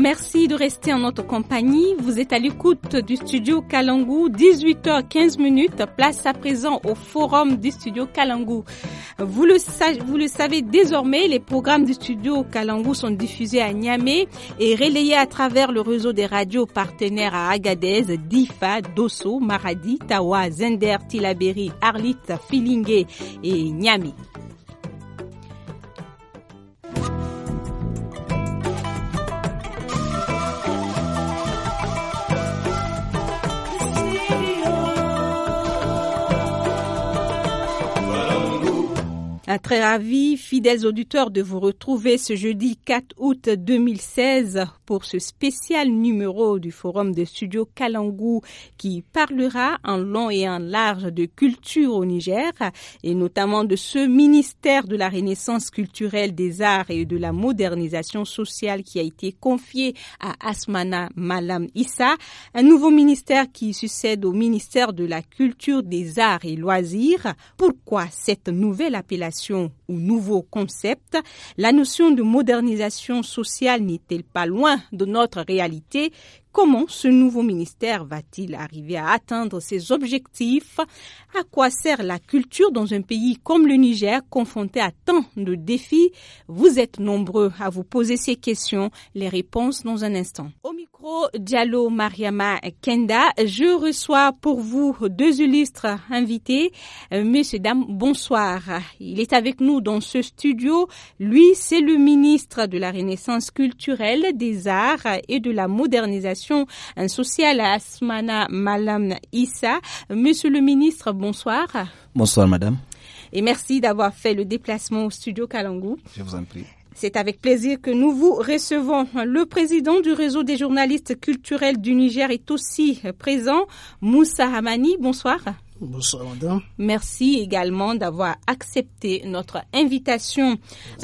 Merci de rester en notre compagnie. Vous êtes à l'écoute du studio Kalangou, 18h15 minutes. Place à présent au forum du studio Kalangou. Vous le, savez désormais, les programmes du studio Kalangou sont diffusés à Niamey et relayés à travers le réseau des radios partenaires à Agadez, Difa, Dosso, Maradi, Tawa, Zender, Tilaberi, Arlit, Filingue et Niamey. Un très ravi, fidèles auditeurs, de vous retrouver ce jeudi 4 août 2016 pour ce spécial numéro du Forum de Studio Kalangou qui parlera en long et en large de culture au Niger et notamment de ce ministère de la Renaissance culturelle des arts et de la modernisation sociale qui a été confié à Asmana Malam Issa, un nouveau ministère qui succède au ministère de la culture des arts et loisirs. Pourquoi cette nouvelle appellation ou nouveaux concepts, la notion de modernisation sociale n'est-elle pas loin de notre réalité Comment ce nouveau ministère va-t-il arriver à atteindre ses objectifs À quoi sert la culture dans un pays comme le Niger confronté à tant de défis Vous êtes nombreux à vous poser ces questions, les réponses dans un instant. Au micro Diallo Mariama Kenda, je reçois pour vous deux illustres invités. Euh, Monsieur, dames, bonsoir. Il est avec nous dans ce studio. Lui, c'est le ministre de la Renaissance culturelle, des arts et de la modernisation un à Asmana Malam Issa. Monsieur le ministre, bonsoir. Bonsoir, madame. Et merci d'avoir fait le déplacement au studio Kalangou. Je vous en prie. C'est avec plaisir que nous vous recevons. Le président du réseau des journalistes culturels du Niger est aussi présent, Moussa Hamani. Bonsoir. Bonsoir, madame. Merci également d'avoir accepté notre invitation.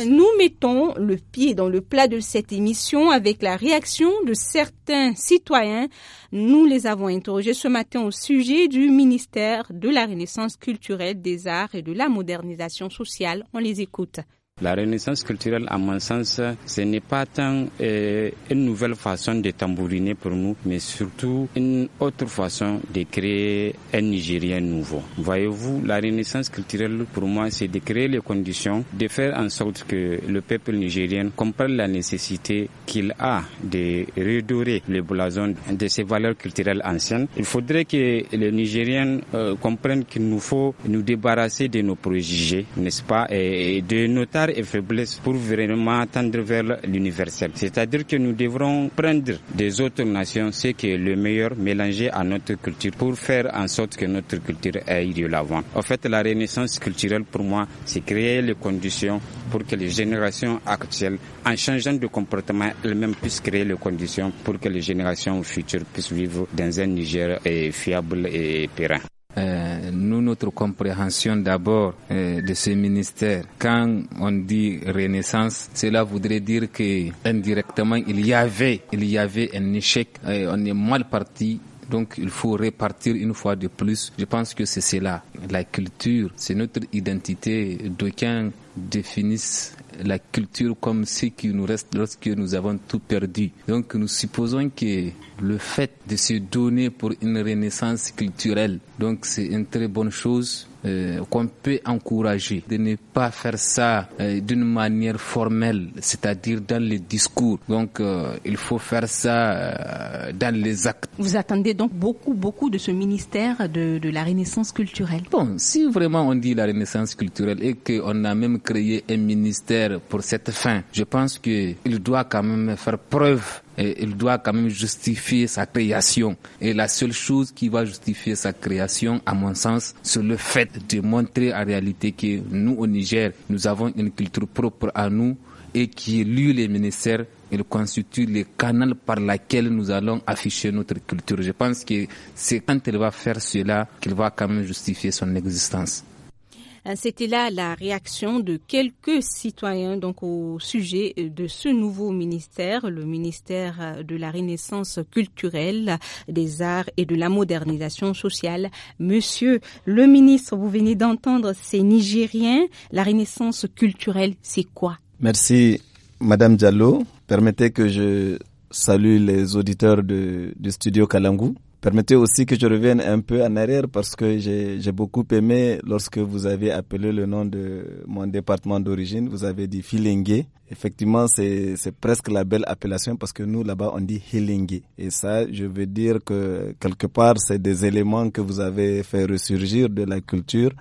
Nous mettons le pied dans le plat de cette émission avec la réaction de certains citoyens. Nous les avons interrogés ce matin au sujet du ministère de la Renaissance culturelle, des arts et de la modernisation sociale. On les écoute. La renaissance culturelle, à mon sens, ce n'est pas tant euh, une nouvelle façon de tambouriner pour nous, mais surtout une autre façon de créer un Nigérien nouveau. Voyez-vous, la renaissance culturelle, pour moi, c'est de créer les conditions, de faire en sorte que le peuple nigérien comprenne la nécessité qu'il a de redorer le blason de ses valeurs culturelles anciennes. Il faudrait que les Nigériens euh, comprennent qu'il nous faut nous débarrasser de nos préjugés, n'est-ce pas, et de notre et faiblesses pour vraiment tendre vers l'universel. C'est-à-dire que nous devrons prendre des autres nations ce qui est le meilleur mélangé à notre culture pour faire en sorte que notre culture aille de l'avant. En fait, la renaissance culturelle pour moi, c'est créer les conditions pour que les générations actuelles, en changeant de comportement, elles-mêmes puissent créer les conditions pour que les générations futures puissent vivre dans un Niger eh, fiable et pérenne. Euh, nous, notre compréhension d'abord euh, de ce ministère, quand on dit renaissance, cela voudrait dire que indirectement, il y avait, il y avait un échec, euh, on est mal parti donc il faut repartir une fois de plus. Je pense que c'est cela. La culture, c'est notre identité. D'aucuns définissent la culture comme ce qui nous reste lorsque nous avons tout perdu. Donc nous supposons que le fait de se donner pour une renaissance culturelle, donc c'est une très bonne chose euh, qu'on peut encourager, de ne pas faire ça euh, d'une manière formelle, c'est-à-dire dans les discours. Donc, euh, il faut faire ça dans les actes. Vous attendez donc beaucoup, beaucoup de ce ministère de, de la Renaissance culturelle. Bon, si vraiment on dit la Renaissance culturelle et qu'on a même créé un ministère pour cette fin, je pense qu'il doit quand même faire preuve et il doit quand même justifier sa création. Et la seule chose qui va justifier sa création, à mon sens, c'est le fait de montrer en réalité que nous, au Niger, nous avons une culture propre à nous et qui lui les ministères il constitue le canal par lequel nous allons afficher notre culture. Je pense que c'est quand il va faire cela qu'il va quand même justifier son existence. Euh, c'était là la réaction de quelques citoyens donc au sujet euh, de ce nouveau ministère, le ministère euh, de la Renaissance culturelle, des arts et de la modernisation sociale. Monsieur le ministre, vous venez d'entendre ces Nigériens. La Renaissance culturelle, c'est quoi Merci, Madame Diallo. Permettez que je salue les auditeurs de, Studio Kalangu Permettez aussi que je revienne un peu en arrière parce que j'ai beaucoup aimé lorsque vous avez appelé le nom de mon département d'origine, vous avez dit Filingue. Effectivement, c'est presque la belle appellation parce que nous, là-bas, on dit Hilingue. Et ça, je veux dire que quelque part, c'est des éléments que vous avez fait ressurgir de la culture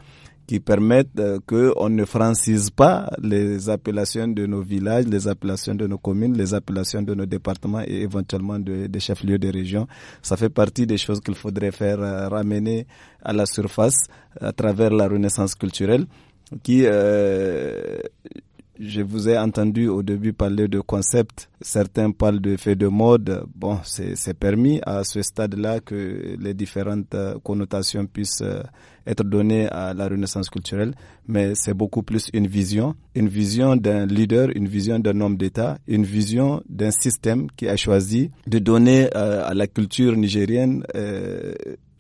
qui permettent euh, que qu'on ne francise pas les appellations de nos villages, les appellations de nos communes, les appellations de nos départements et éventuellement de, des chefs-lieux de région. Ça fait partie des choses qu'il faudrait faire euh, ramener à la surface à travers la renaissance culturelle qui, euh, je vous ai entendu au début parler de concept. Certains parlent de fait de mode. Bon, c'est permis à ce stade-là que les différentes euh, connotations puissent euh, être données à la renaissance culturelle. Mais c'est beaucoup plus une vision. Une vision d'un leader, une vision d'un homme d'État, une vision d'un système qui a choisi de donner euh, à la culture nigérienne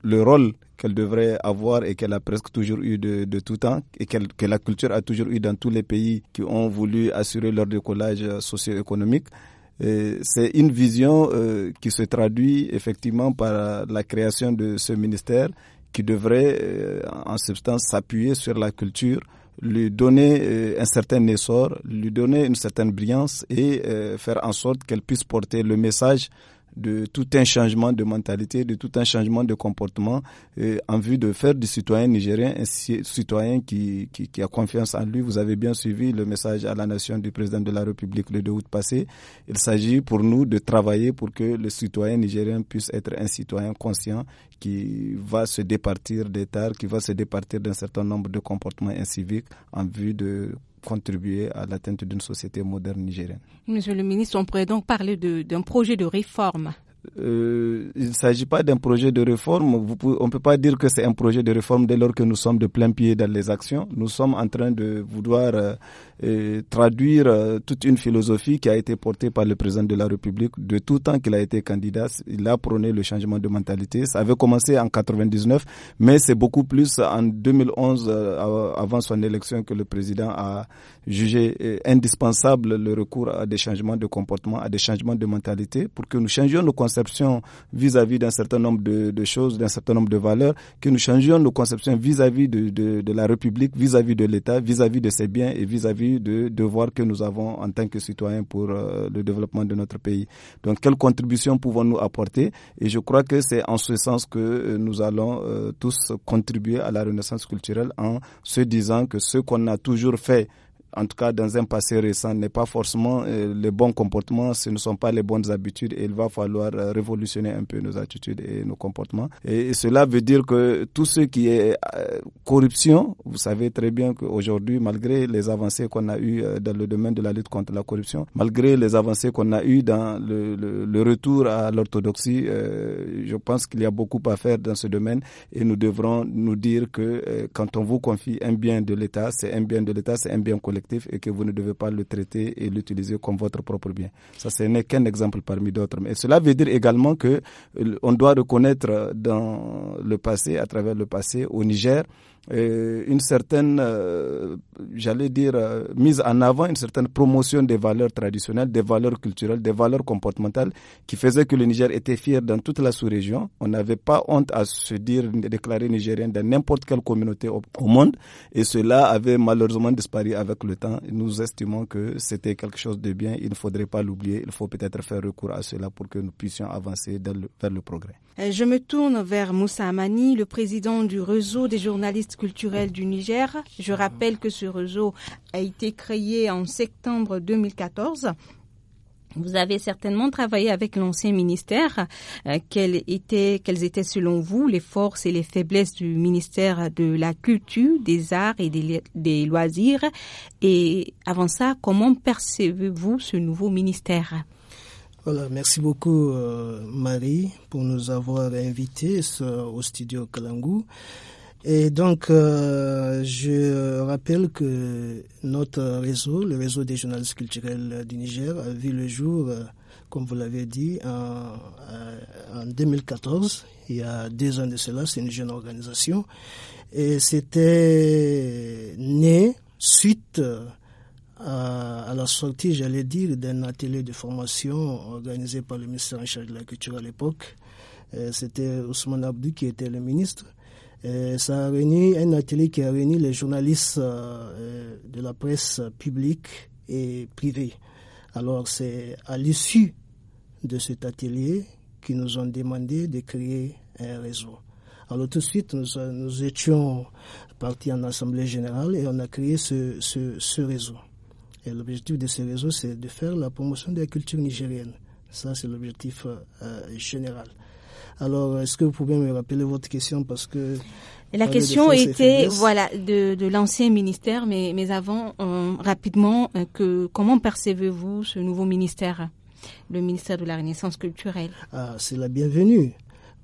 le rôle qu'elle devrait avoir et qu'elle a presque toujours eu de, tout temps et que la culture a toujours eu dans tous les pays qui ont voulu assurer leur décollage socio-économique. C'est une vision euh, qui se traduit effectivement par la création de ce ministère qui devrait euh, en substance s'appuyer sur la culture, lui donner euh, un certain essor, lui donner une certaine brillance et faire en sorte qu'elle puisse porter le message de tout un changement de mentalité, de tout un changement de comportement euh, en vue de faire du citoyen nigérien un citoyen qui, qui, qui, a confiance en lui. Vous avez bien suivi le message à la nation du président de la République le 2 août passé. Il s'agit pour nous de travailler pour que le citoyen nigérien puisse être un citoyen conscient qui va se départir d'État, qui va se départir d'un certain nombre de comportements inciviques en vue de contribuer à l'atteinte d'une société moderne nigérienne. Monsieur le ministre, on pourrait donc parler d'un projet de réforme euh, il ne s'agit pas d'un projet de réforme. on ne peut pas dire que c'est un projet de réforme dès lors que nous sommes de plein pied dans les actions. Nous sommes en train de vouloir euh, euh, traduire euh, toute une philosophie qui a été portée par le président de la République de tout temps qu'il a été candidat. Il a prôné le changement de mentalité. Ça avait commencé en 99, mais c'est beaucoup plus en 2011, avant son élection, que le président a juger euh, indispensable le recours à des changements de comportement, à des changements de mentalité, pour que nous changions nos conceptions vis-à-vis d'un certain nombre de, de choses, d'un certain nombre de valeurs, que nous changions nos conceptions vis-à-vis de, de, de, la République, vis-à-vis de l'État, vis-à-vis de ses biens et vis-à-vis de devoirs que nous avons en tant que citoyens pour euh, le développement de notre pays. Donc, quelle contribution pouvons-nous apporter Et je crois que c'est en ce sens que euh, nous allons tous contribuer à la renaissance culturelle en se disant que ce qu'on a toujours fait en tout cas dans un passé récent, n'est pas forcément les euh, le bon comportement, ce ne sont pas les bonnes habitudes et il va falloir euh, révolutionner un peu nos attitudes et nos comportements. Et, cela veut dire que tout ce qui est euh, corruption, vous savez très bien qu'aujourd'hui, malgré les avancées qu'on a eues dans le domaine de la lutte contre la corruption, malgré les avancées qu'on a eues dans le, le retour à l'orthodoxie, je pense qu'il y a beaucoup à faire dans ce domaine et nous devrons nous dire que quand on vous confie un bien de l'État, c'est un bien de l'État, c'est un bien collectif et que vous ne devez pas le traiter et l'utiliser comme votre propre bien. Ça, ce n'est qu'un exemple parmi d'autres. Mais cela veut dire également que euh, on doit reconnaître euh, dans le passé, à travers le passé, au Niger, une certaine, euh, j'allais dire, euh, mise en avant, une certaine promotion des valeurs traditionnelles, des valeurs culturelles, des valeurs comportementales qui faisait que le Niger était fier dans toute la sous-région. On n'avait pas honte à se dire déclarer nigérien dans n'importe quelle communauté au, monde et cela avait malheureusement disparu avec le temps. Nous estimons que c'était quelque chose de bien, il ne faudrait pas l'oublier, il faut peut-être faire recours à cela pour que nous puissions avancer vers le progrès. Euh, je me tourne vers Moussa Amani, le président du réseau des journalistes culturelle du Niger. Je rappelle que ce réseau a été créé en septembre 2014. Vous avez certainement travaillé avec l'ancien ministère. Euh, quelles, étaient, étaient selon vous les forces et les faiblesses du ministère de la Culture, des Arts et des, Loisirs Et avant ça, comment percevez-vous ce nouveau ministère voilà, merci beaucoup euh, Marie pour nous avoir invités euh, au studio Kalangou. Et donc, euh, je rappelle que notre réseau, le réseau des journalistes culturels du Niger, a vu le jour, euh, comme vous l'avez dit, en, euh, en, 2014. Il y a deux ans de cela, c'est une jeune organisation. Et c'était né suite à, à la sortie, j'allais dire, d'un atelier de formation organisé par le ministère en charge de la culture à l'époque. C'était Ousmane Abdou qui était le ministre. Euh, ça a réuni un atelier qui a réuni les journalistes euh, euh, de la presse publique et privée. Alors c'est à l'issue de cet atelier qu'ils nous ont demandé de créer un réseau. Alors tout de suite, nous, étions partis en Assemblée générale et on a créé ce, réseau. Et l'objectif de ce réseau, c'est de faire la promotion de la culture nigérienne. Ça, c'est l'objectif général. Alors, est-ce que vous pouvez me rappeler votre question parce que la question était voilà de, l'ancien ministère, mais, mais avant euh, rapidement euh, que comment percevez-vous ce nouveau ministère, le ministère de la Renaissance culturelle ah, c'est la bienvenue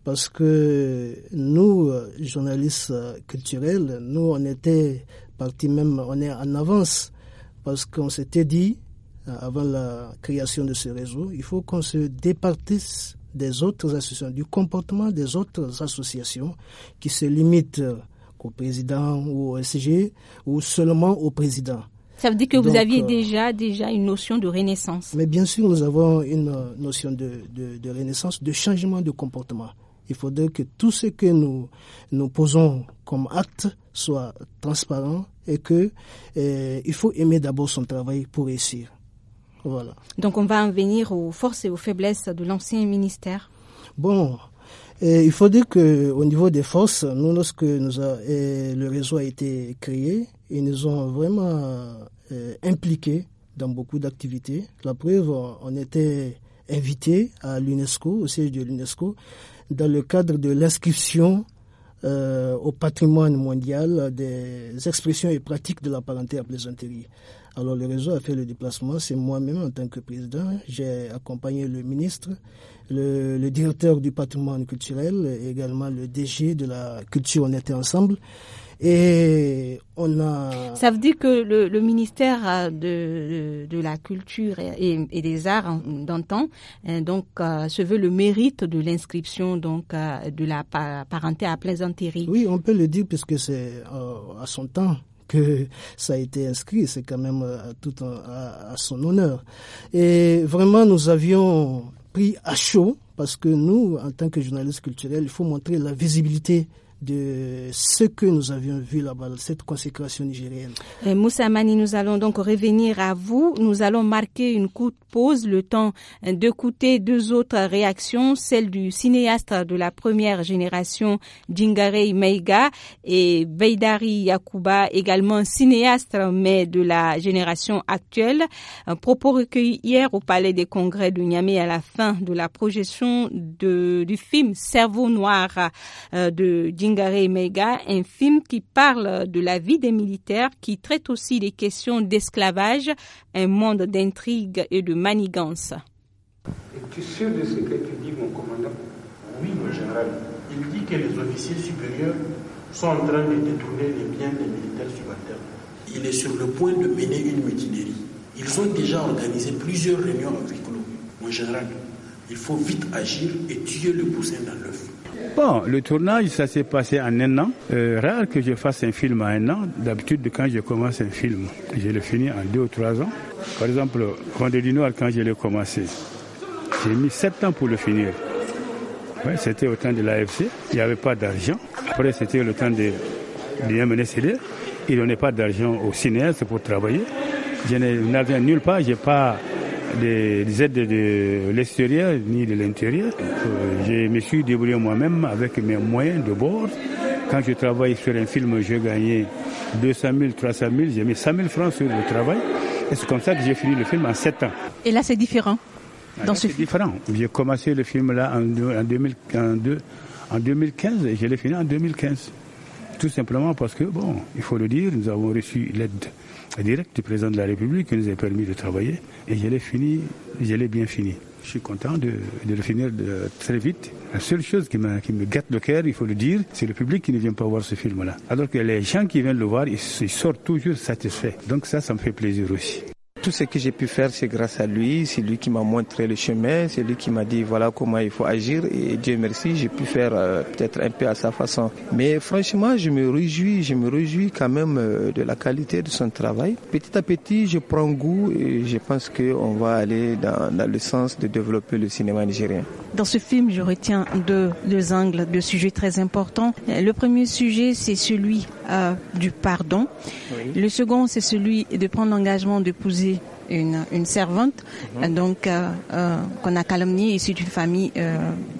parce que nous euh, journalistes culturels, nous on était parti même on est en avance parce qu'on s'était dit avant la création de ce réseau, il faut qu'on se départisse des autres associations, du comportement des autres associations qui se limitent euh, au président ou au SG ou seulement au président. Ça veut dire que vous aviez euh, déjà, déjà une notion de renaissance. Mais bien sûr, nous avons une euh, notion de, de, renaissance, de changement de comportement. Il faudrait que tout ce que nous, nous posons comme acte soit transparent et que il faut aimer d'abord son travail pour réussir. Donc on va en venir aux forces et aux faiblesses de l'ancien ministère. Bon, il faut dire que au niveau des forces, nous lorsque le réseau a été créé, ils nous ont vraiment euh, impliqué dans beaucoup d'activités. La preuve, on était invités à l'UNESCO, au siège de l'UNESCO, dans le cadre de l'inscription euh, au patrimoine mondial des expressions et pratiques de la parenté à plaisanterie. Alors le réseau a fait le déplacement. C'est moi-même en tant que président. J'ai accompagné le ministre, le, directeur du patrimoine culturel, également le DG de la culture. On était ensemble. Et on a. Ça veut dire que le, ministère de, la Culture et, des Arts d'antan, hein, donc, euh, se veut le mérite de l'inscription, donc, euh, de la parenté à plaisanterie. Oui, on peut le dire puisque c'est euh, à son temps que ça a été inscrit. C'est quand même euh, tout à, son honneur. Et vraiment, nous avions pris à chaud parce que nous, en tant que journalistes culturels, il faut montrer la visibilité de ce que nous avions vu là-bas, cette consécration nigérienne. Moussamani, euh, Moussa Mani, nous allons donc revenir à vous. Nous allons marquer une courte pause, le temps d'écouter deux autres réactions, celle du cinéaste de la première génération, Djingarei Meiga, et Beidari Yakuba, également cinéaste, mais de la génération actuelle. Un propos recueilli hier au Palais des Congrès de Niamey à la fin de la projection de, du film Cerveau Noir euh, de Djingarei Zingare un film qui parle de la vie des militaires, qui traite aussi des questions d'esclavage, un monde d'intrigues et de manigances. Es-tu sûr de ce que tu dis, mon commandant Oui, mon général. Il dit que les officiers supérieurs sont en train de détourner les biens des militaires subalternes. Il est sur le point de mener une mutinerie. Ils ont déjà organisé plusieurs réunions avec nous. Mon général, il faut vite agir et tuer le poussin dans l'œuf. Bon, le tournage, ça s'est passé en un an. Euh, rare que je fasse un film en un an. D'habitude, quand je commence un film, je le finis en deux ou trois ans. Par exemple, du Noir, quand je l'ai commencé, j'ai mis sept ans pour le finir. c'était au temps de l'AFC, il n'y avait pas d'argent. Après, c'était le temps de MNSD. il n'y avait pas d'argent au cinéaste pour travailler. Je n'avais nulle part, je n'ai pas des, aides de l'extérieur ni de l'intérieur. Euh, je me suis débrouillé moi-même avec mes moyens de bord. Quand je travaille sur un film, j'ai gagnais 200 000, 300 000, j'ai mis 100 000 francs sur le travail. Et c'est comme ça que j'ai fini le film en 7 ans. Et là, c'est différent ah, dans là, ce différent. J'ai commencé le film là en, en, 2000, en 2015 et je l'ai fini en 2015. Tout simplement parce que, bon, il faut le dire, nous avons reçu l'aide directe du président de la République qui nous a permis de travailler et je l'ai fini, je l'ai bien fini. Je suis content de, de le finir très vite. La seule chose qui, qui me gâte le cœur, il faut le dire, c'est le public qui ne vient pas voir ce film-là. Alors que les gens qui viennent le voir, ils sortent toujours satisfaits. Donc ça, ça me fait plaisir aussi. Tout ce que j'ai pu faire, c'est grâce à lui. C'est lui qui m'a montré le chemin. C'est lui qui m'a dit voilà comment il faut agir. Et Dieu merci, j'ai pu faire euh, peut-être un peu à sa façon. Mais franchement, je me réjouis. Je me réjouis quand même euh, de la qualité de son travail. Petit à petit, je prends goût et je pense qu'on va aller dans, le sens de développer le cinéma nigérien. Dans ce film, je retiens deux, deux angles, deux sujets très importants. Euh, le premier sujet, c'est celui euh, du pardon. Le second, c'est celui de prendre l'engagement d'épouser une, une, servante, mhm. donc euh, euh, qu'on a calomniée, issue d'une famille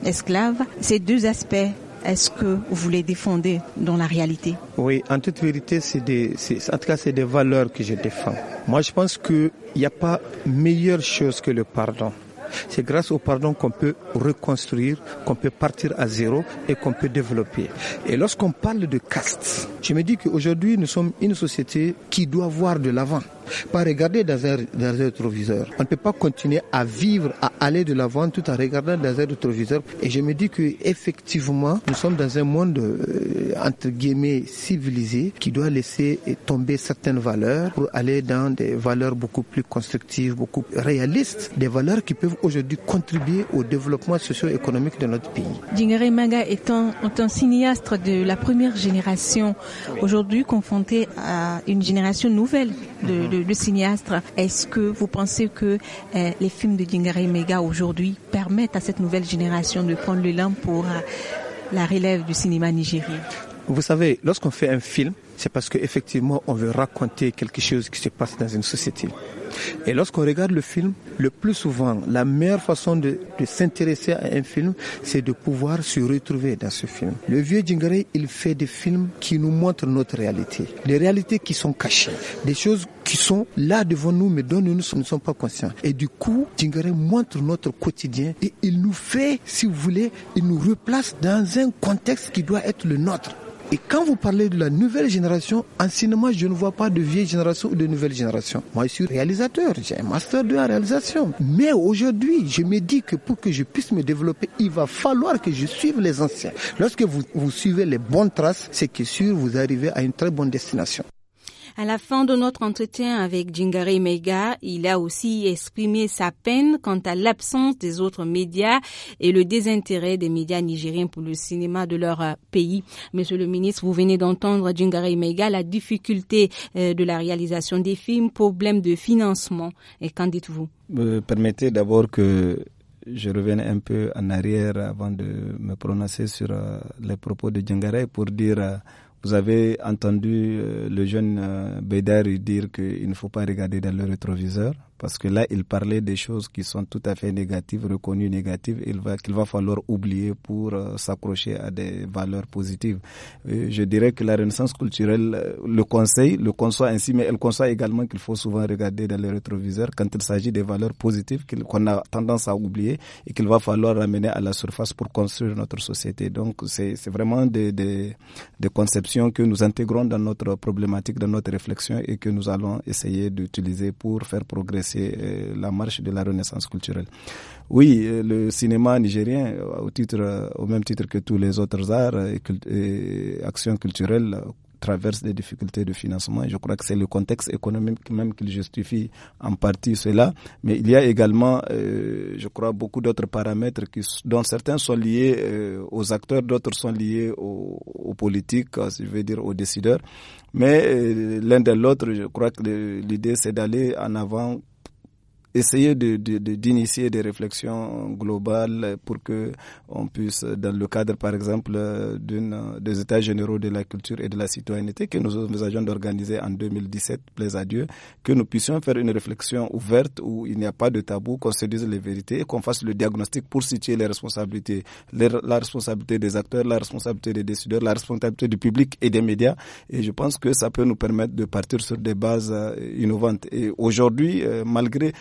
esclave. Ces deux aspects est-ce que vous les défendez dans la réalité Oui, en toute vérité, c'est des, en tout cas, c'est des valeurs que je défends. Moi, je pense qu'il n'y a pas meilleure chose que le pardon. C'est grâce au pardon qu'on peut reconstruire, qu'on peut partir à zéro et qu'on peut développer. Et lorsqu'on parle de caste, je me dis qu'aujourd'hui, nous sommes une société qui doit voir de l'avant pas regarder dans un, dans rétroviseur. On ne peut pas continuer à vivre, à aller de l'avant tout en regardant dans un rétroviseur. Et je me dis que effectivement, nous sommes dans un monde euh, entre guillemets civilisé qui doit laisser tomber certaines valeurs pour aller dans des valeurs beaucoup plus constructives, beaucoup réalistes, des valeurs qui peuvent aujourd'hui contribuer au développement socio-économique de notre pays. Djingere Manga est un, de la première génération, aujourd'hui confronté à une génération nouvelle de le, cinéaste, est-ce que vous pensez que euh, les films de Djingare Mega aujourd'hui permettent à cette nouvelle génération de prendre le lent pour euh, la relève du cinéma nigérien Vous savez, lorsqu'on fait un film, c'est parce qu'effectivement, on veut raconter quelque chose qui se passe dans une société. Et lorsqu'on regarde le film, le plus souvent, la meilleure façon de, de s'intéresser à un film, c'est de pouvoir se retrouver dans ce film. Le vieux Djingare, il fait des films qui nous montrent notre réalité, des réalités qui sont cachées, des choses qui sont là devant nous, mais dont nous ne sommes pas conscients. Et du coup, Tingaré montre notre quotidien et il nous fait, si vous voulez, il nous replace dans un contexte qui doit être le nôtre. Et quand vous parlez de la nouvelle génération, en cinéma, je ne vois pas de vieille génération ou de nouvelle génération. Moi, je suis réalisateur, j'ai un master de la réalisation. Mais aujourd'hui, je me dis que pour que je puisse me développer, il va falloir que je suive les anciens. Lorsque vous, vous suivez les bonnes traces, c'est que sûr, vous arrivez à une très bonne destination. À la fin de notre entretien avec Djingarei Mega, il a aussi exprimé sa peine quant à l'absence des autres médias et le désintérêt des médias nigériens pour le cinéma de leur euh, pays. Monsieur le ministre, vous venez d'entendre Djingarei Mega, la difficulté euh, de la réalisation des films, problème de financement. Et qu'en dites-vous euh, Permettez d'abord que je revienne un peu en arrière avant de me prononcer sur les propos de Djingarei pour dire vous avez entendu euh, le jeune euh, Bédard dire qu'il ne faut pas regarder dans le rétroviseur parce que là, il parlait des choses qui sont tout à fait négatives, reconnues négatives, qu'il va, va falloir oublier pour euh, s'accrocher à des valeurs positives. je dirais que la renaissance culturelle euh, le conseille, le conçoit ainsi, mais elle conçoit également qu'il faut souvent regarder dans les rétroviseurs quand il s'agit des valeurs positives qu'on a tendance à oublier et qu'il va falloir ramener à la surface pour construire notre société. Donc, c'est vraiment des, des, des conceptions que nous intégrons dans notre problématique, dans notre réflexion et que nous allons essayer d'utiliser pour faire progresser c'est euh, la marche de la renaissance culturelle. Oui, euh, le cinéma nigérien, euh, au, titre, au même titre que tous les autres arts et, actions culturelles, traverse des difficultés de financement. Je crois que c'est le contexte économique même qui justifie en partie cela. Mais il y a également, je crois, beaucoup d'autres paramètres qui, dont certains sont liés aux acteurs, d'autres sont liés aux, politiques, je veux dire aux décideurs. Mais l'un de l'autre, je crois que l'idée c'est d'aller en avant essayer de, d'initier de, des réflexions globales pour que on puisse, dans le cadre, par exemple, d'une, des états généraux de la culture et de la citoyenneté que nous envisageons d'organiser en 2017, plaise à Dieu, que nous puissions faire une réflexion ouverte où il n'y a pas de tabou, qu'on se dise les vérités et qu'on fasse le diagnostic pour situer les responsabilités, la responsabilité des acteurs, la responsabilité des décideurs, la responsabilité du public et des médias. Et je pense que ça peut nous permettre de partir sur des bases euh, innovantes. Et aujourd'hui, euh, malgré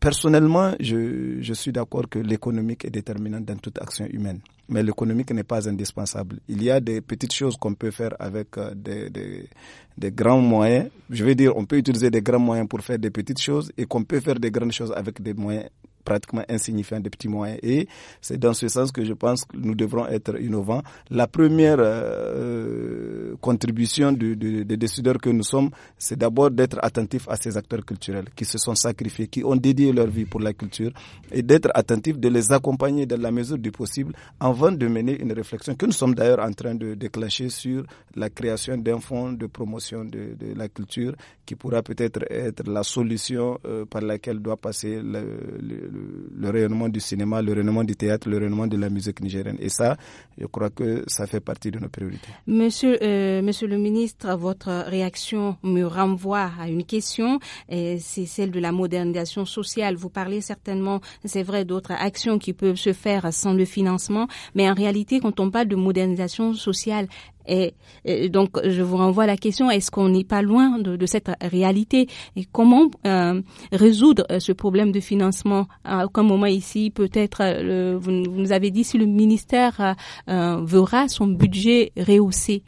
Personnellement, je, je suis d'accord que l'économique est déterminante dans toute action humaine. Mais l'économique n'est pas indispensable. Il y a des petites choses qu'on peut faire avec euh, des, des, des, grands moyens. Je veux dire, on peut utiliser des grands moyens pour faire des petites choses et qu'on peut faire des grandes choses avec des moyens pratiquement insignifiant des petits moyens. Et c'est dans ce sens que je pense que nous devrons être innovants. La première euh, contribution de des décideurs que nous sommes, c'est d'abord d'être attentifs à ces acteurs culturels qui se sont sacrifiés, qui ont dédié leur vie pour la culture, et d'être attentifs, de les accompagner dans la mesure du possible, avant de mener une réflexion que nous sommes d'ailleurs en train de déclencher sur la création d'un fonds de promotion de, la culture qui pourra peut-être être la solution euh, par laquelle doit passer le le, rayonnement du cinéma, le rayonnement du théâtre, le rayonnement de la musique nigérienne. Et ça, je crois que ça fait partie de nos priorités. Monsieur, euh, monsieur le ministre, votre réaction me renvoie à une question, c'est celle de la modernisation sociale. Vous parlez certainement, c'est vrai, d'autres actions qui peuvent se faire sans le financement, mais en réalité, quand on parle de modernisation sociale, et, donc, je vous renvoie à la question est-ce qu'on n'est pas loin de, cette réalité Et comment euh, résoudre euh, ce problème de financement À aucun moment ici, peut-être, euh, vous, nous avez dit si le ministère verra son budget rehaussé.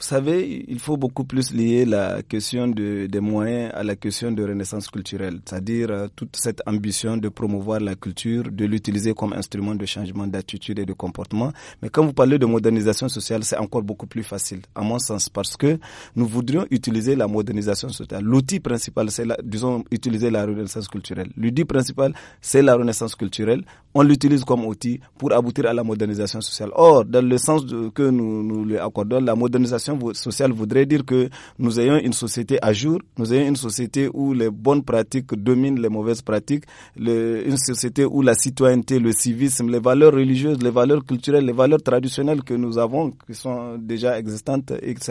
Vous savez, il faut beaucoup plus lier la question de, des moyens à la question de renaissance culturelle, c'est-à-dire euh, toute cette ambition de promouvoir la culture, de l'utiliser comme instrument de changement d'attitude et de comportement. Mais quand vous parlez de modernisation sociale, c'est encore beaucoup plus facile, à mon sens, parce que nous voudrions utiliser la modernisation sociale. L'outil principal, c'est, disons, utiliser la renaissance culturelle. L'outil principal, c'est la renaissance culturelle. On l'utilise comme outil pour aboutir à la modernisation sociale. Or, dans le sens que nous, nous lui accordons, la modernisation sociale voudrait dire que nous ayons une société à jour, nous ayons une société où les bonnes pratiques dominent les mauvaises pratiques, le, une société où la citoyenneté, le civisme, les valeurs religieuses, les valeurs culturelles, les valeurs traditionnelles que nous avons, qui sont déjà existantes et que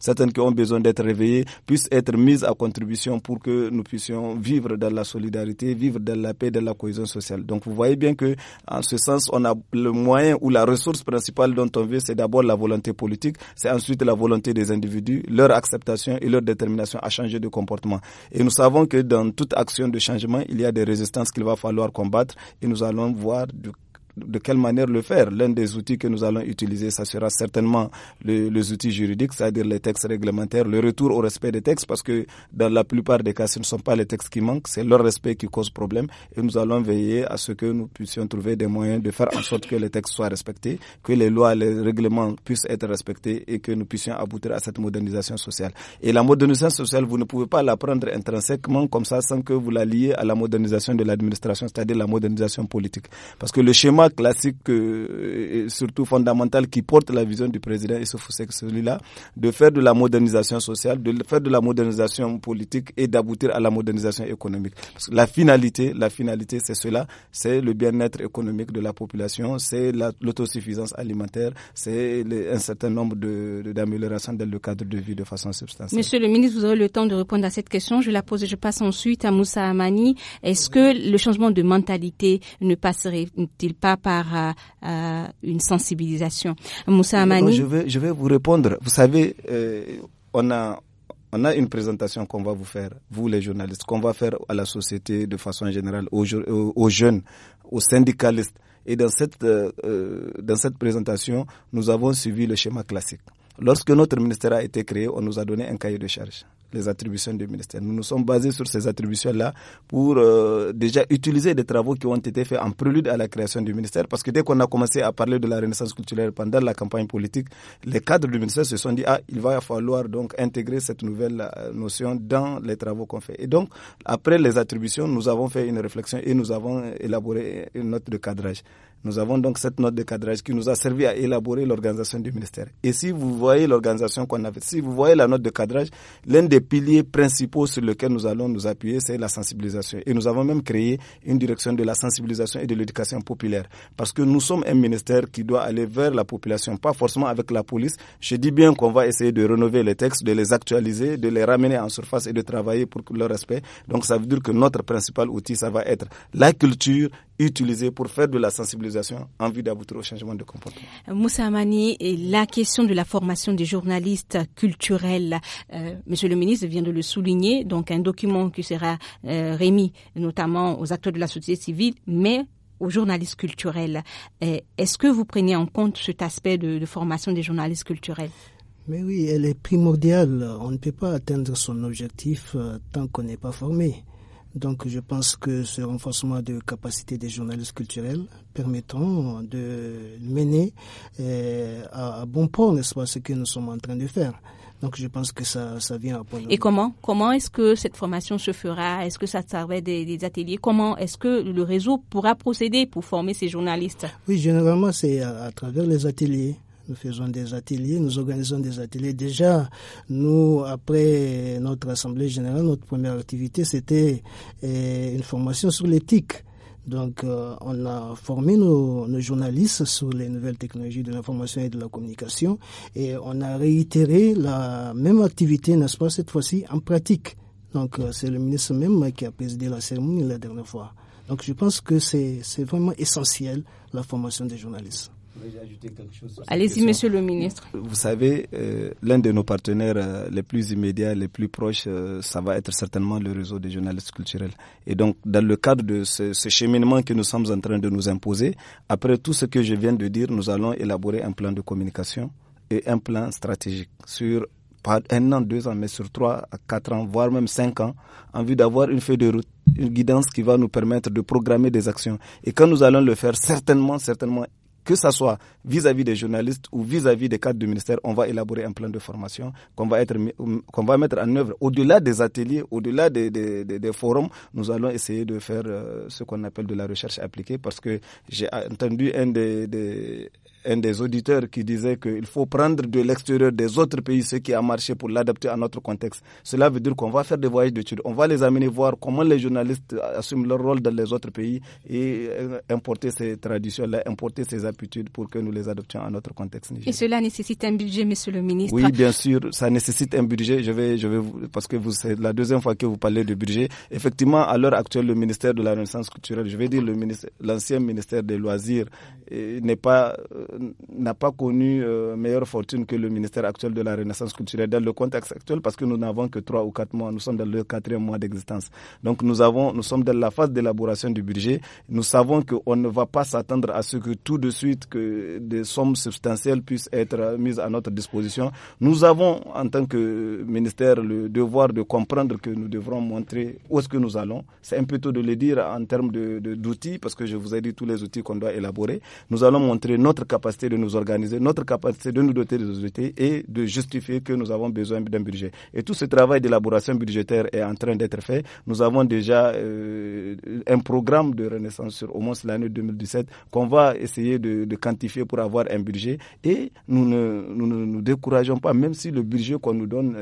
certaines qui ont besoin d'être réveillées, puissent être mises à contribution pour que nous puissions vivre dans la solidarité, vivre dans la paix, dans la cohésion sociale. Donc vous voyez bien que, en ce sens, on a le moyen ou la ressource principale dont on veut, c'est d'abord la volonté politique, c'est ensuite la volonté des individus, leur acceptation et leur détermination à changer de comportement. Et nous savons que dans toute action de changement, il y a des résistances qu'il va falloir combattre et nous allons voir du de quelle manière le faire. L'un des outils que nous allons utiliser, ça sera certainement le, les outils juridiques, c'est-à-dire les textes réglementaires, le retour au respect des textes, parce que dans la plupart des cas, ce ne sont pas les textes qui manquent, c'est leur respect qui cause problème. Et nous allons veiller à ce que nous puissions trouver des moyens de faire en sorte que les textes soient respectés, que les lois, les règlements puissent être respectés et que nous puissions aboutir à cette modernisation sociale. Et la modernisation sociale, vous ne pouvez pas la prendre intrinsèquement comme ça sans que vous la liez à la modernisation de l'administration, c'est-à-dire la modernisation politique. Parce que le schéma classique, euh, et surtout fondamental, qui porte la vision du président Issoufou celui-là, de faire de la modernisation sociale, de faire de la modernisation politique et d'aboutir à la modernisation économique. la finalité, la finalité, c'est cela, c'est le bien-être économique de la population, c'est l'autosuffisance alimentaire, c'est un certain nombre d'améliorations de, de, dans le cadre de vie de façon substantielle. Monsieur le ministre, vous aurez le temps de répondre à cette question. Je la pose et je passe ensuite à Moussa Amani. Est-ce que le changement de mentalité ne passerait-il pas par euh, euh, une sensibilisation. Moussa euh, Amani. Je vais, je vais vous répondre. Vous savez, on a on a une présentation qu'on va vous faire, vous les journalistes, qu'on va faire à la société de façon générale, aux, jeunes, aux syndicalistes. Et dans cette, dans cette présentation, nous avons suivi le schéma classique. Lorsque notre ministère a été créé, on nous a donné un cahier de charges les attributions du ministère. Nous nous sommes basés sur ces attributions-là pour euh, déjà utiliser des travaux qui ont été faits en prélude à la création du ministère, parce que dès qu'on a commencé à parler de la renaissance culturelle pendant la campagne politique, les cadres du ministère se sont dit, ah, il va falloir donc intégrer cette nouvelle euh, notion dans les travaux qu'on fait. Et donc, après les attributions, nous avons fait une réflexion et nous avons élaboré une note de cadrage. Nous avons donc cette note de cadrage qui nous a servi à élaborer l'organisation du ministère. Et si vous voyez l'organisation qu'on avait, si vous voyez la note de cadrage, l'un des piliers principaux sur lequel nous allons nous appuyer, c'est la sensibilisation. Et nous avons même créé une direction de la sensibilisation et de l'éducation populaire. Parce que nous sommes un ministère qui doit aller vers la population, pas forcément avec la police. Je dis bien qu'on va essayer de renouveler les textes, de les actualiser, de les ramener en surface et de travailler pour leur respect. Donc ça veut dire que notre principal outil, ça va être la culture utilisée pour faire de la sensibilisation en vue d'aboutir au changement de comportement. Euh, Moussa Amani, la question de la formation des journalistes culturels, euh, Monsieur le ministre vient de le souligner, donc un document qui sera euh, remis notamment aux acteurs de la société civile, mais aux journalistes culturels. Est-ce que vous prenez en compte cet aspect de, de formation des journalistes culturels Mais oui, elle est primordiale. On ne peut pas atteindre son objectif tant qu'on n'est pas formé. Donc je pense que ce renforcement de capacité des journalistes culturels permettront de mener euh, à, bon port, n'est-ce pas, ce que nous sommes en train de faire. Donc je pense que ça, ça vient à point. Et comment comment est-ce que cette formation se fera Est-ce que ça servait des, ateliers Comment est-ce que le réseau pourra procéder pour former ces journalistes Oui, généralement c'est à travers les ateliers. Nous faisons des ateliers, nous organisons des ateliers. Déjà, nous, après notre Assemblée générale, notre première activité, c'était eh, une formation sur l'éthique. Donc, euh, on a formé nos, journalistes sur les nouvelles technologies de l'information et de la communication et on a réitéré la même activité, n'est-ce pas, cette fois-ci en pratique. Donc, euh, c'est le ministre même qui a présidé la cérémonie la dernière fois. Donc, je pense que c'est vraiment essentiel la formation des journalistes. Allez-y, monsieur le ministre. Vous savez, euh, l'un de nos partenaires euh, les plus immédiats, les plus proches, euh, ça va être certainement le réseau des journalistes culturels. Et donc, dans le cadre de ce, cheminement que nous sommes en train de nous imposer, après tout ce que je viens de dire, nous allons élaborer un plan de communication et un plan stratégique sur pas un an, deux ans, mais sur trois à quatre ans, voire même cinq ans, en vue d'avoir une feuille de route, une guidance qui va nous permettre de programmer des actions. Et quand nous allons le faire, certainement, certainement, que ce soit vis-à-vis des journalistes ou vis-à-vis des cadres du ministère, on va élaborer un plan de formation qu'on va, va mettre en œuvre. Au-delà des ateliers, au-delà des, forums, nous allons essayer de faire euh, ce qu'on appelle de la recherche appliquée parce que j'ai entendu un des, un des auditeurs qui disait qu'il faut prendre de l'extérieur des autres pays ce qui a marché pour l'adapter à notre contexte. Cela veut dire qu'on va faire des voyages d'études, on va les amener voir comment les journalistes assument leur rôle dans les autres pays et euh, importer ces traditions-là, importer ces aptitudes pour que nous les adoptions à notre contexte. Et cela nécessite un budget, monsieur le ministre. Oui, bien sûr, ça nécessite un budget. Je vais, je vais, parce que vous, c'est la deuxième fois que vous parlez de budget. Effectivement, à l'heure actuelle, le ministère de la Renaissance culturelle, je vais dire le l'ancien ministère des loisirs, euh, n'est pas euh, n'a pas connu euh, meilleure fortune que le ministère actuel de la Renaissance culturelle dans le contexte actuel parce que nous n'avons que trois ou quatre mois. Nous sommes dans le quatrième mois d'existence. Donc nous avons, nous sommes dans la phase d'élaboration du budget. Nous savons qu'on ne va pas s'attendre à ce que tout de suite que des sommes substantielles puissent être mises à notre disposition. Nous avons, en tant que ministère, le devoir de comprendre que nous devrons montrer où est-ce que nous allons. C'est un peu tôt de le dire en termes d'outils de, d'outils parce que je vous ai dit tous les outils qu'on doit élaborer. Nous allons montrer notre capacité capacité de nous organiser, notre capacité de nous doter des autorités et de justifier que nous avons besoin d'un budget. Et tout ce travail d'élaboration budgétaire est en train d'être fait. Nous avons déjà euh, un programme de renaissance sur au moins l'année 2017 qu'on va essayer de, quantifier pour avoir un budget. Et nous ne nous, décourageons pas, même si le budget qu'on nous donne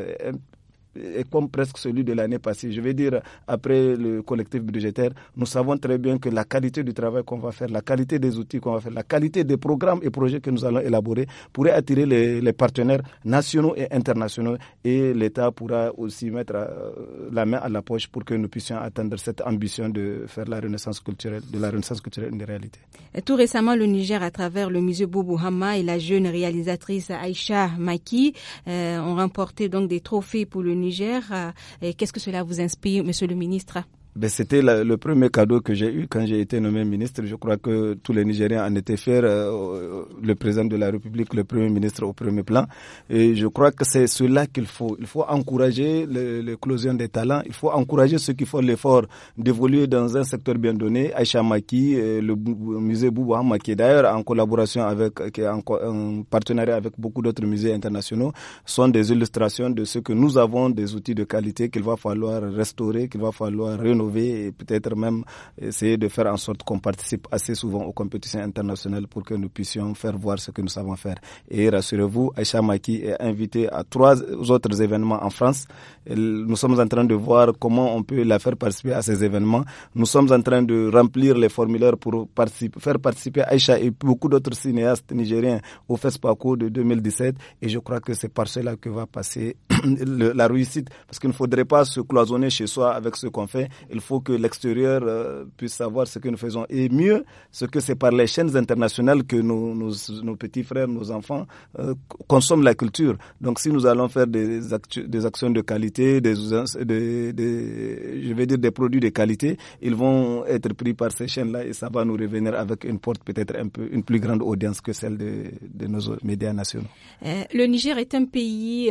est comme presque celui de l'année passée. Je veux dire, après le collectif budgétaire, nous savons très bien que la qualité du travail qu'on va faire, la qualité des outils qu'on va faire, la qualité des programmes et projets que nous allons élaborer pourrait attirer les, partenaires nationaux et internationaux et l'État pourra aussi mettre euh, la main à la poche pour que nous puissions atteindre cette ambition de faire la renaissance culturelle, de la renaissance culturelle une réalité. Et tout récemment, le Niger, à travers le musée Boubou Hama et la jeune réalisatrice Aïcha Maki, euh, ont remporté donc des trophées pour le Niger. Euh, qu'est-ce que cela vous inspire, Monsieur le ministre ben, c'était le premier cadeau que j'ai eu quand j'ai été nommé ministre. Je crois que tous les Nigériens en étaient fiers, euh, euh, le président de la République, le premier ministre au premier plan. Et je crois que c'est cela qu'il faut. Il faut encourager l'éclosion des talents. Il faut encourager ceux qui font l'effort d'évoluer dans un secteur bien donné. Aïcha Maki, euh, le musée Bouba qui est d'ailleurs en collaboration avec, qui est en, partenariat avec beaucoup d'autres musées internationaux, sont des illustrations de ce que nous avons des outils de qualité qu'il va falloir restaurer, qu'il va falloir renouveler et peut-être même essayer de faire en sorte qu'on participe assez souvent aux compétitions internationales pour que nous puissions faire voir ce que nous savons faire. Et rassurez-vous, Aïcha Maki est invitée à trois autres événements en France. Nous sommes en train de voir comment on peut la faire participer à ces événements. Nous sommes en train de remplir les formulaires pour faire participer Aïcha et beaucoup d'autres cinéastes nigériens au FESPACO de 2017. Et je crois que c'est par cela que va passer la réussite. Parce qu'il ne faudrait pas se cloisonner chez soi avec ce qu'on fait il faut que l'extérieur euh, puisse savoir ce que nous faisons. Et mieux, ce que c'est par les chaînes internationales que nos, petits frères, nos enfants euh, consomment la culture. Donc si nous allons faire des, des actions de qualité, des, des, je vais dire des produits de qualité, ils vont être pris par ces chaînes-là et ça va nous revenir avec une porte peut-être un peu une plus grande audience que celle de, nos médias nationaux. Euh, le Niger est un pays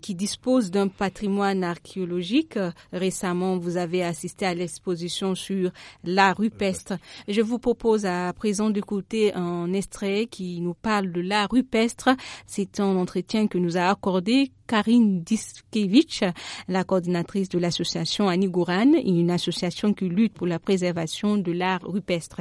qui dispose d'un patrimoine archéologique. Récemment, vous avez à l'exposition sur l'art rupestre. Je vous propose à présent d'écouter un extrait qui nous parle de l'art rupestre. C'est un entretien que nous a accordé Karine Diskevich, la coordinatrice de l'association Anigouran, une association qui lutte pour la préservation de l'art rupestre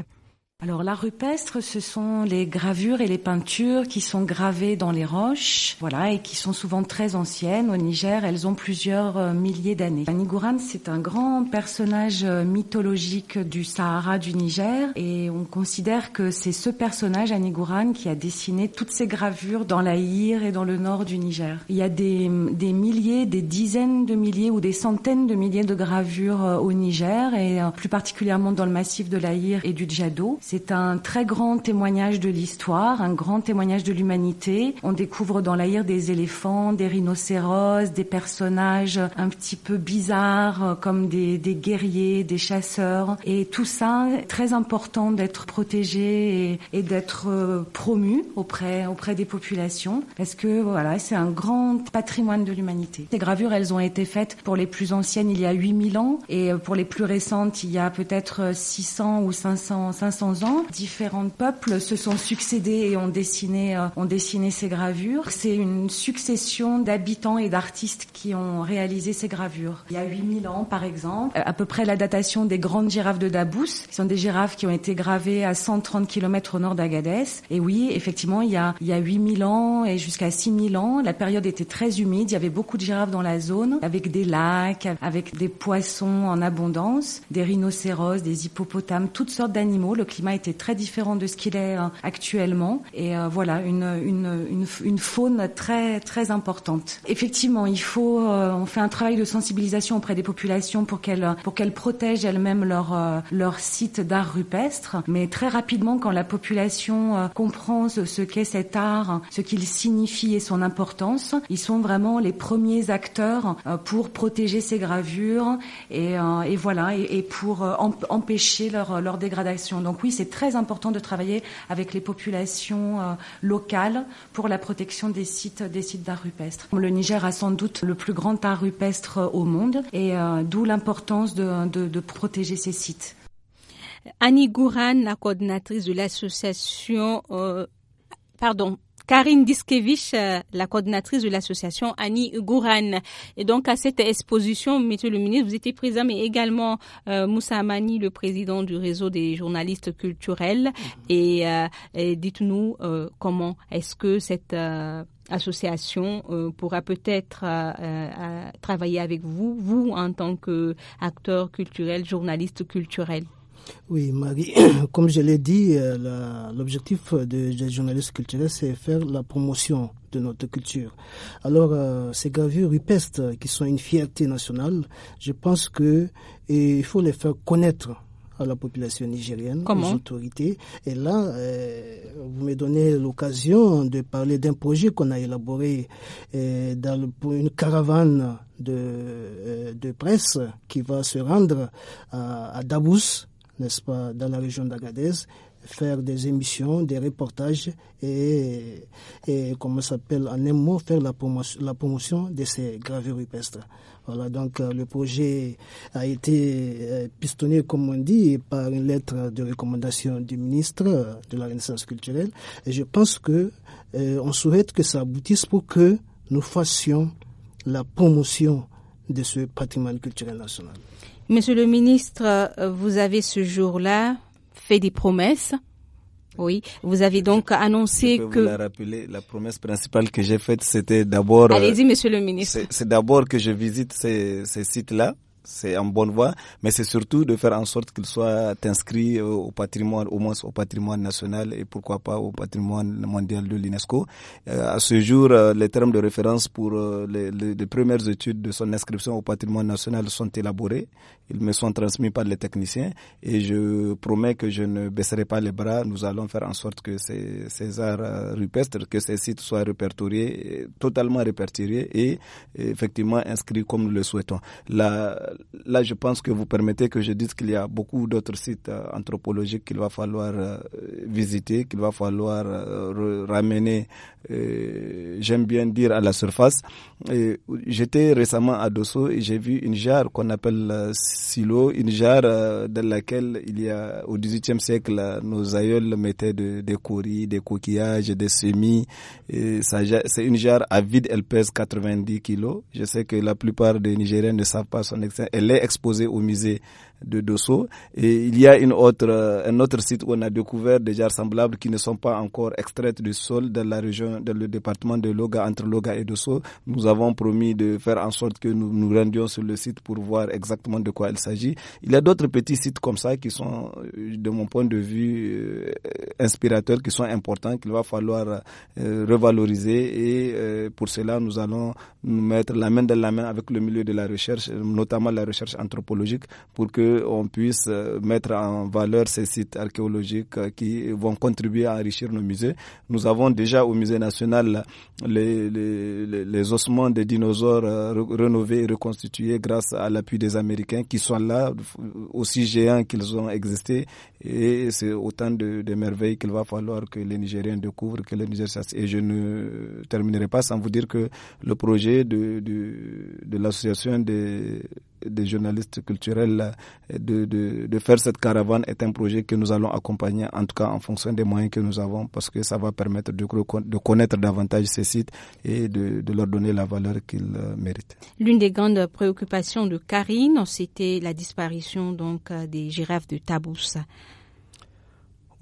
alors la rupestre, ce sont les gravures et les peintures qui sont gravées dans les roches, voilà, et qui sont souvent très anciennes. Au Niger, elles ont plusieurs euh, milliers d'années. Anigourane, c'est un grand personnage euh, mythologique du Sahara du Niger, et on considère que c'est ce personnage, Anigourane, qui a dessiné toutes ces gravures dans l'Aïr et dans le nord du Niger. Il y a des, milliers, des dizaines de milliers ou des centaines de milliers de gravures euh, au Niger, et plus particulièrement dans le massif de l'Aïr et du Djado. C'est un très grand témoignage de l'histoire, un grand témoignage de l'humanité. On découvre dans l'Aïr des éléphants, des rhinocéros, des personnages un petit peu bizarres euh, comme des, des guerriers, des chasseurs. Et tout ça, très important d'être protégé et, et d'être euh, promu auprès, auprès des populations parce que voilà, c'est un grand patrimoine de l'humanité. Ces gravures, elles ont été faites pour les plus anciennes il y a 8000 ans et euh, pour les plus récentes, il y a peut-être 600 ou 500, 500 ans. Différents peuples se sont succédés et ont dessiné, euh, ont dessiné ces gravures. C'est une succession d'habitants et d'artistes qui ont réalisé ces gravures. Il y a 8000 ans, par exemple, euh, à peu près la datation des grandes girafes de Dabous, Ce sont des girafes qui ont été gravées à 130 km au nord d'Agadez. Et oui, effectivement, il y a, il y a 8000 ans et jusqu'à 6000 ans, la période était très humide, il y avait beaucoup de girafes dans la zone, avec des lacs, avec des poissons en abondance, des rhinocéros, des hippopotames, toutes sortes d'animaux. Le climat a était très différent de ce qu'il est euh, actuellement. Et euh, voilà, une, une, une, faune très, très importante. Effectivement, il faut, euh, on fait un travail de sensibilisation auprès des populations pour qu'elles, pour qu'elles protègent elles-mêmes leur, leur site d'art rupestre. Mais très rapidement, quand la population comprend ce qu'est cet art, ce qu'il signifie et son importance, ils sont vraiment les premiers acteurs pour protéger ces gravures et, et voilà, et, pour empêcher leur, leur dégradation. Donc oui, c'est très important de travailler avec les populations euh, locales pour la protection des sites, des sites d'art rupestre. Le Niger a sans doute le plus grand art rupestre euh, au monde et euh, d'où l'importance de, protéger ces sites. Annie Gouran, la coordinatrice de l'association, pardon, Karine Diskevich, euh, la coordinatrice de l'association Annie Gouran. Et donc, à cette exposition, Monsieur le ministre, vous étiez présent, mais également euh, Moussa Amani, le président du réseau des journalistes culturels. Mhm. Euh, et, dites-nous comment est-ce que cette association pourra peut-être travailler avec vous, vous en tant qu'acteur culturel, journaliste culturel. Oui, Marie, comme je l'ai dit, euh, l'objectif des journalistes culturels, c'est faire la promotion de notre culture. Alors, euh, ces gravures rupestres qui sont une fierté nationale, je pense que il faut les faire connaître à la population nigérienne, aux autorités. Et là, euh, vous me donnez l'occasion de parler d'un projet qu'on a élaboré dans pour une caravane de, presse qui va se rendre à, à Dabous n'est-ce pas, dans la région d'Agadez, faire des émissions, des reportages et, et comment s'appelle, en un mot, faire la promotion, de ces gravures rupestres. Voilà, donc euh, le projet a été euh, pistonné, comme on dit, par une lettre de recommandation du ministre euh, de la Renaissance culturelle. Et je pense que on souhaite que ça aboutisse pour que nous fassions la promotion de ce patrimoine culturel national. Monsieur le ministre, vous avez ce jour-là fait des promesses. Oui, vous avez donc annoncé je que. Vous la rappeler, la promesse principale que j'ai faite, c'était d'abord. Allez-y, euh, Monsieur le ministre. C'est d'abord que je visite ces sites-là c'est en bonne voie, mais c'est surtout de faire en sorte qu'il soit inscrit au patrimoine, au moins au patrimoine national et pourquoi pas au patrimoine mondial de l'UNESCO. Euh, à ce jour, euh, les termes de référence pour euh, les, premières études de son inscription au patrimoine national sont élaborés ils me sont transmis par les techniciens et je promets que je ne baisserai pas les bras. Nous allons faire en sorte que ces, arts rupestres, que ces sites soient répertoriés, totalement répertoriés et effectivement inscrits comme nous le souhaitons. Là, là je pense que vous permettez que je dise qu'il y a beaucoup d'autres sites euh, anthropologiques qu'il va falloir euh, visiter, qu'il va falloir euh, ramener, j'aime bien dire, à la surface. J'étais récemment à Dosso et j'ai vu une jarre qu'on appelle silo, une jarre euh, dans laquelle il y a au XVIIIe siècle nos aïeuls mettaient de, des coris, des coquillages, des semis. C'est une jarre à vide, elle pèse 90 kilos. Je sais que la plupart des Nigériens ne savent pas son existence Elle est exposée au musée de Dosso. Et il y a une autre, euh, un autre site où on a découvert des jarres semblables qui ne sont pas encore extraites du sol dans la région, dans le département de Loga, entre Loga et Dosso. Nous avons promis de faire en sorte que nous nous rendions sur le site pour voir exactement de quoi il s'agit. Il y a d'autres petits sites comme ça qui sont, euh, de mon point de vue, euh, inspirateurs, qui sont importants, qu'il va falloir euh, revaloriser. Et pour cela, nous allons nous mettre la main dans la main avec le milieu de la recherche, notamment la recherche anthropologique, pour qu'on puisse mettre en valeur ces sites archéologiques qui vont contribuer à enrichir nos musées. Nous avons déjà au musée national les, les, les, ossements des dinosaures euh, renouvelés rénovés et reconstitués grâce à l'appui des Américains qui sont là, aussi géants qu'ils ont existé. Et c'est autant de, merveilles qu'il va falloir que les Nigériens découvrent, que les Nigériens Et je ne terminerai pas sans vous dire que le projet de, de, de l'association des des journalistes culturels euh, de, de, de, faire cette caravane est un projet que nous allons accompagner, en tout cas en fonction des moyens que nous avons, parce que ça va permettre de, de connaître davantage ces sites et de, de leur donner la valeur qu'ils euh, méritent. L'une des grandes préoccupations de Karine, c'était la disparition donc euh, des girafes de Taboussa.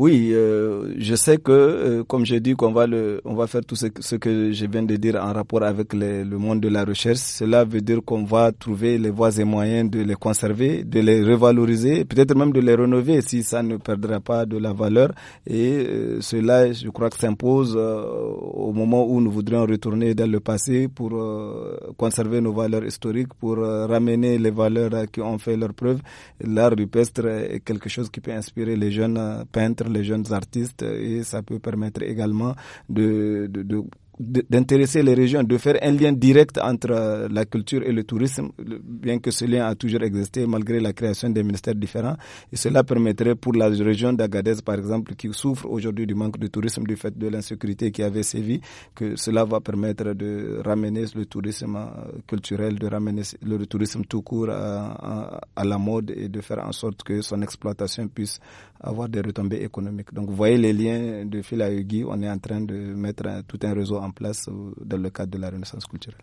Oui, euh, je sais que, euh, comme j'ai dit, qu'on va le, on va faire tout ce, ce, que je viens de dire en rapport avec le monde de la recherche. Cela veut dire qu'on va trouver les voies et moyens de les conserver, de les revaloriser, peut-être même de les rénover si ça ne perdra pas de la valeur. Et euh, cela, je crois que s'impose au moment où nous voudrions retourner dans le passé pour conserver nos valeurs historiques, pour ramener les valeurs qui ont fait leur preuve. L'art rupestre est quelque chose qui peut inspirer les jeunes peintres les jeunes artistes et ça peut permettre également de, d'intéresser les régions, de faire un lien direct entre euh, la culture et le tourisme, bien que ce lien a toujours existé malgré la création des ministères différents. Et cela permettrait pour la région d'Agadez, par exemple, qui souffre aujourd'hui du manque de tourisme du fait de l'insécurité qui avait sévi, que cela va permettre de ramener le tourisme euh, culturel, de ramener le tourisme tout court euh, à la mode et de faire en sorte que son exploitation puisse avoir des retombées économiques. Donc vous voyez les liens de fil à on est en train de mettre euh, tout un réseau en place euh, dans le cadre de la renaissance culturelle.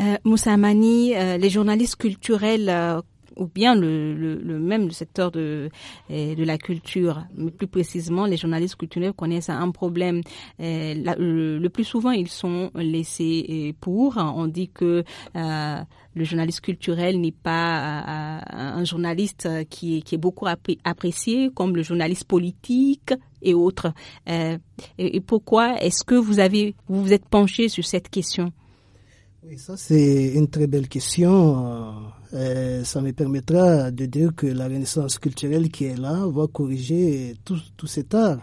Euh, Moussa Mani, les journalistes culturels ou bien le, le, le même secteur de, eh, de la culture, mais plus précisément les journalistes culturels connaissent un problème. Eh, le, plus souvent, ils sont laissés eh, pour. On dit que euh, le journaliste culturel n'est pas euh, un journaliste qui est, qui est beaucoup apprécié, comme le journaliste politique et autres. et, pourquoi est-ce que vous avez vous vous êtes penché sur cette question? ça c'est une très belle question. Euh, euh, ça me permettra de dire que la renaissance culturelle qui est là va corriger tout, tout cet art.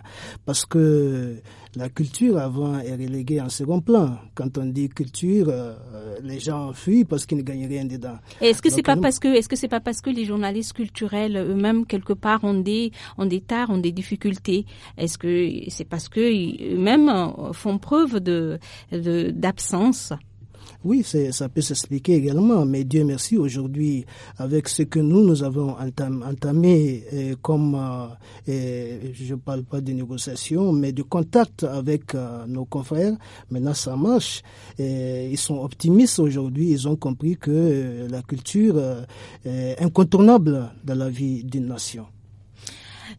Parce que la culture avant est reléguée en second plan. Quand on dit culture, euh, les gens fuient parce qu'ils ne gagnent rien dedans. Est-ce que c'est pas parce que, est-ce que c'est pas parce que les journalistes culturels eux-mêmes quelque part ont des, ont des tares, ont des difficultés? Est-ce que c'est parce que eux-mêmes font preuve de, d'absence? Oui, ça peut s'expliquer également, mais Dieu merci aujourd'hui, avec ce que nous, nous avons entamé, comme, euh, je ne parle pas de négociation, mais de contact avec euh, nos confrères, maintenant ça marche. ils sont optimistes aujourd'hui, ils ont compris que euh, la culture est incontournable dans la vie d'une nation.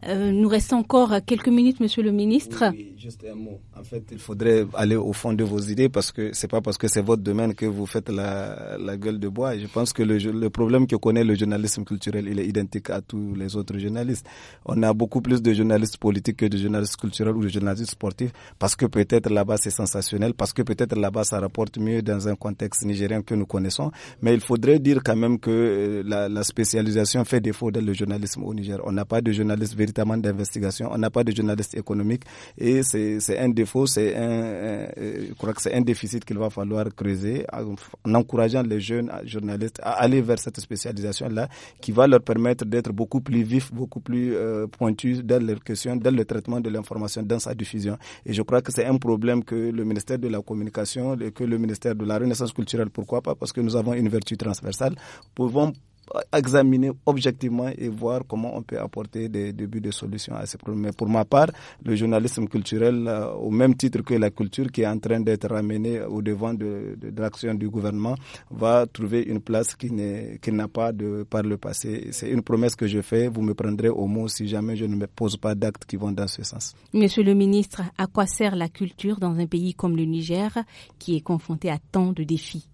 nous restons encore quelques minutes, Monsieur le Ministre. Juste un mot. En fait, il faudrait aller au fond de vos idées parce que c'est pas parce que c'est votre domaine que vous faites la, gueule de bois. je pense que le, problème que connaît le journalisme culturel, il est identique à tous les autres journalistes. On a beaucoup plus de journalistes politiques que de journalistes culturels ou de journalistes sportifs parce que peut-être là-bas c'est sensationnel, parce que peut-être là-bas ça rapporte mieux dans un contexte nigérien que nous connaissons. Mais il faudrait dire quand même que euh, la, la spécialisation fait défaut dans le journalisme au Niger. On n'a pas de journalistes véritablement d'investigation, on n'a pas de journalistes économiques et c'est un défaut, c'est un, euh, je crois que c'est un déficit qu'il va falloir creuser en encourageant les jeunes journalistes à aller vers cette spécialisation-là qui va leur permettre d'être beaucoup plus vifs, beaucoup plus euh, pointus dans leurs questions, dans le traitement de l'information, dans sa diffusion. Et je crois que c'est un problème que le ministère de la Communication, que le ministère de la Renaissance culturelle, pourquoi pas, parce que nous avons une vertu transversale, pouvons examiner objectivement et voir comment on peut apporter des débuts de solutions à ces problèmes. Mais pour ma part, le journalisme culturel, euh, au même titre que la culture qui est en train d'être ramenée au devant de, l'action du gouvernement, va trouver une place qui n'a pas de, par le passé. C'est une promesse que je fais. Vous me prendrez au mot si jamais je ne me pose pas d'actes qui vont dans ce sens. Monsieur le ministre, à quoi sert la culture dans un pays comme le Niger qui est confronté à tant de défis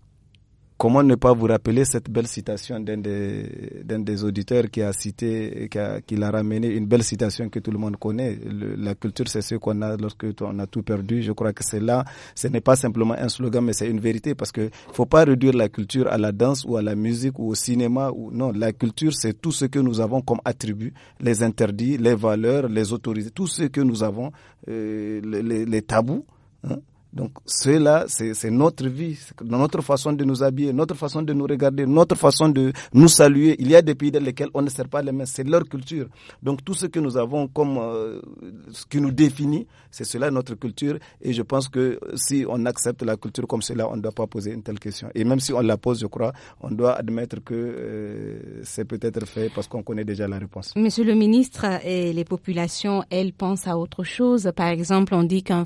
Comment ne pas vous rappeler cette belle citation d'un des, des, auditeurs qui a cité, qui, l'a ramené, une belle citation que tout le monde connaît. la culture, c'est ce qu'on a lorsque on a tout perdu. Je crois que c'est là, ce n'est pas simplement un slogan, mais c'est une vérité parce que faut pas réduire la culture à la danse ou à la musique ou au cinéma ou non. La culture, c'est tout ce que nous avons comme attribut, les interdits, les valeurs, les autorités, tout ce que nous avons, euh, les, les, tabous. Hein. Donc cela, c'est notre vie, notre façon de nous habiller, notre façon de nous regarder, notre façon de nous saluer. Il y a des pays dans lesquels on ne sert pas les mains, c'est leur culture. Donc tout ce que nous avons comme euh, ce qui nous définit, c'est cela notre culture. Et je pense que si on accepte la culture comme cela, on ne doit pas poser une telle question. Et même si on la pose, je crois, on doit admettre que euh, c'est peut-être fait parce qu'on connaît déjà la réponse. Monsieur le ministre, et les populations, elles pensent à autre chose. Par exemple, on dit qu'un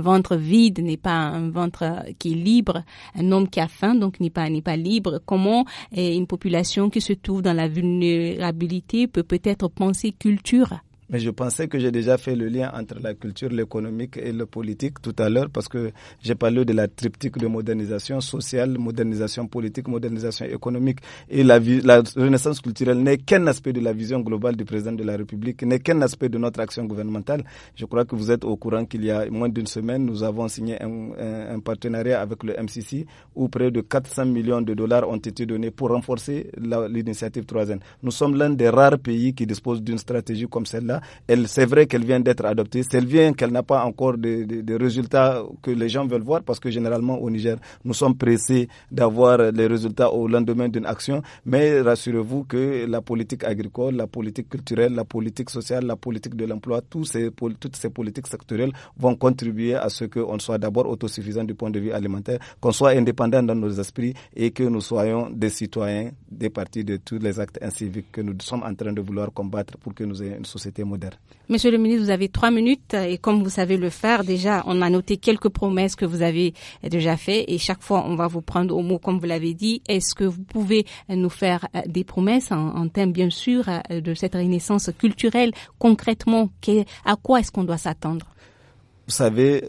ventre vide n'est pas un ventre qui est libre, un homme qui a faim donc n'est pas n'est pas libre. Comment eh, une population qui se trouve dans la vulnérabilité peut peut-être penser culture mais je pensais que j'ai déjà fait le lien entre la culture, l'économique et le politique tout à l'heure parce que j'ai parlé de la triptyque de modernisation sociale, modernisation politique, modernisation économique. Et la, la renaissance culturelle n'est qu'un aspect de la vision globale du président de la République, n'est qu'un aspect de notre action gouvernementale. Je crois que vous êtes au courant qu'il y a moins d'une semaine, nous avons signé un, partenariat avec le MCC où près de 400 millions de dollars ont été donnés pour renforcer l'initiative 3N. Nous sommes l'un des rares pays qui dispose d'une stratégie comme celle-là c'est vrai qu'elle vient d'être adoptée, c'est bien qu'elle n'a pas encore de, résultats que les gens veulent voir, parce que généralement au Niger, nous sommes pressés d'avoir les résultats au lendemain d'une action, mais rassurez-vous que la politique agricole, la politique culturelle, la politique sociale, la politique de l'emploi, tous ces, toutes ces politiques sectorielles vont contribuer à ce qu'on soit d'abord autosuffisant du point de vue alimentaire, qu'on soit indépendant dans nos esprits et que nous soyons des citoyens des parties de tous les actes inciviques que nous sommes en train de vouloir combattre pour que nous ayons une société Monsieur le ministre, vous avez trois minutes euh, et comme vous savez le faire, déjà, on a noté quelques promesses que vous avez euh, déjà faites et chaque fois, on va vous prendre au mot comme vous l'avez dit. Est-ce que vous pouvez euh, nous faire des promesses en, termes, bien sûr, de cette renaissance culturelle Concrètement, à quoi est-ce qu'on doit s'attendre vous savez,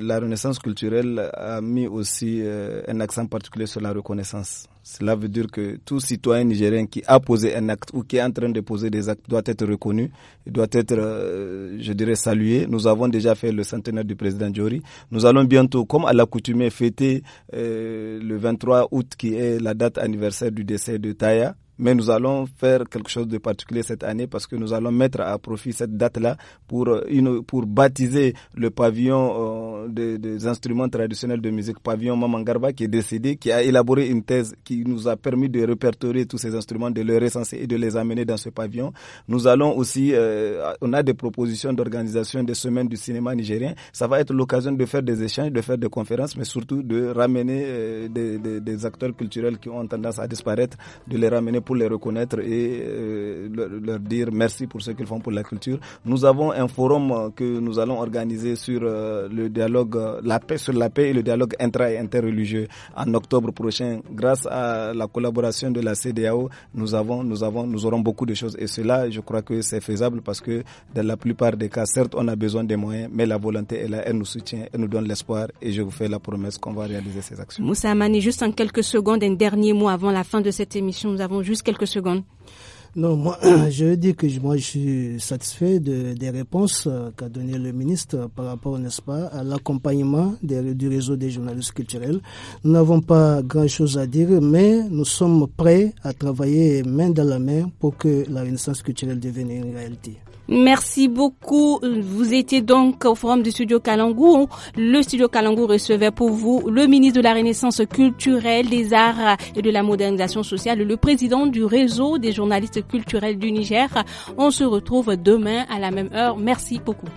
la renaissance culturelle a mis aussi un accent particulier sur la reconnaissance. Cela veut dire que tout citoyen nigérien qui a posé un acte ou qui est en train de poser des actes doit être reconnu, doit être, euh, je dirais, salué. Nous avons déjà fait le centenaire du président Jory. Nous allons bientôt, comme à l'accoutumée, fêter euh, le 23 août qui est la date anniversaire du décès de Taya, mais nous allons faire quelque chose de particulier cette année parce que nous allons mettre à profit cette date-là pour, euh, une, pour baptiser le pavillon euh, des, instruments traditionnels de musique, pavillon Mamangarba, qui est décédé, qui a élaboré une thèse qui nous a permis de répertorier tous ces instruments, de les recenser et de les amener dans ce pavillon. Nous allons aussi, euh, on a des propositions d'organisation des semaines du cinéma nigérien. Ça va être l'occasion de faire des échanges, de faire des conférences, mais surtout de ramener des, des acteurs culturels qui ont tendance à disparaître, de les ramener pour les reconnaître et euh, leur, dire merci pour ce qu'ils font pour la culture. Nous avons un forum que nous allons organiser sur euh, le dialogue, la paix sur la paix et le dialogue intra et interreligieux en octobre prochain. Grâce à la collaboration de la CDAO, nous avons, nous avons, nous aurons beaucoup de choses et cela, je crois que c'est faisable parce que dans la plupart des cas, certes, on a besoin des moyens, mais la volonté est là, elle nous soutient, elle nous donne l'espoir et je vous fais la promesse qu'on va réaliser ces actions. Moussa Amani, juste en quelques secondes, un dernier mot avant la fin de cette émission. Nous avons juste quelques secondes. Non, moi, je dis que moi, je suis satisfait de, des réponses euh, qu'a donné le ministre euh, par rapport, n'est-ce pas, à l'accompagnement du réseau des journalistes culturels. Nous n'avons pas grand-chose à dire, mais nous sommes prêts à travailler main dans la main pour que la Renaissance culturelle devienne une réalité. Merci beaucoup. Vous étiez donc au forum du studio Kalangou. Le studio Kalangou recevait pour vous le ministre de la Renaissance culturelle, des arts et de la modernisation sociale, le président du réseau des journalistes culturels du Niger. On se retrouve demain à la même heure. Merci beaucoup.